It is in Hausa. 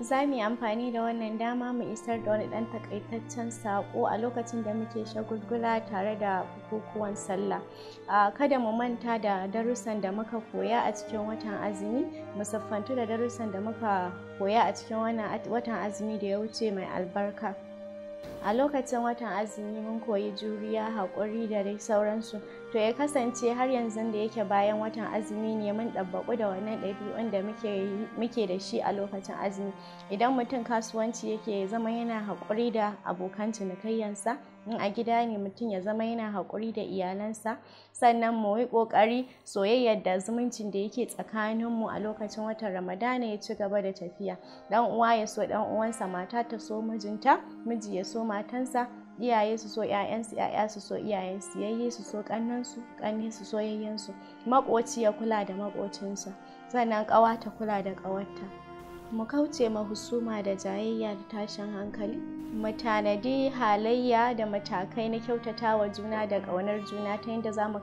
za mu yi amfani da wannan dama mu isar da wani ɗan takaitaccen saƙo a lokacin da muke shagulgula tare da bukukuwan sallah kada mu manta da darussan da muka koya a cikin watan azumi musaffantu da darussan da muka koya a cikin watan azumi da ya wuce mai albarka a lokacin watan azumi mun koyi juriya haƙuri da dai sauransu to ya kasance har yanzu da yake bayan watan azumi ne mun ɗabbaƙu da wannan ɗabi'un da muke da shi a lokacin azumi idan mutum kasuwanci yake zama yana haƙuri da abokan cinikayyansa in a gida ne mutum ya zama yana haƙuri da iyalansa sannan mu yi ƙoƙari soyayyar da zumuncin da yake tsakaninmu a lokacin watan ramadana ya ci gaba da tafiya ɗan uwa ya so ɗan uwansa mata ta so mijinta miji ya so matansa iyaye su so ‘ya'yansu ‘ya'ya su so iyayensu yayye su so ƙannansu ƙanne su so yayyensu maƙoci ya kula da maƙocinsa sannan ƙawa ta kula da ƙawarta mu kauce ma husuma da jayayya da tashin hankali mu tanadi halayya da matakai na kyautatawa juna da ƙaunar juna ta yadda za mu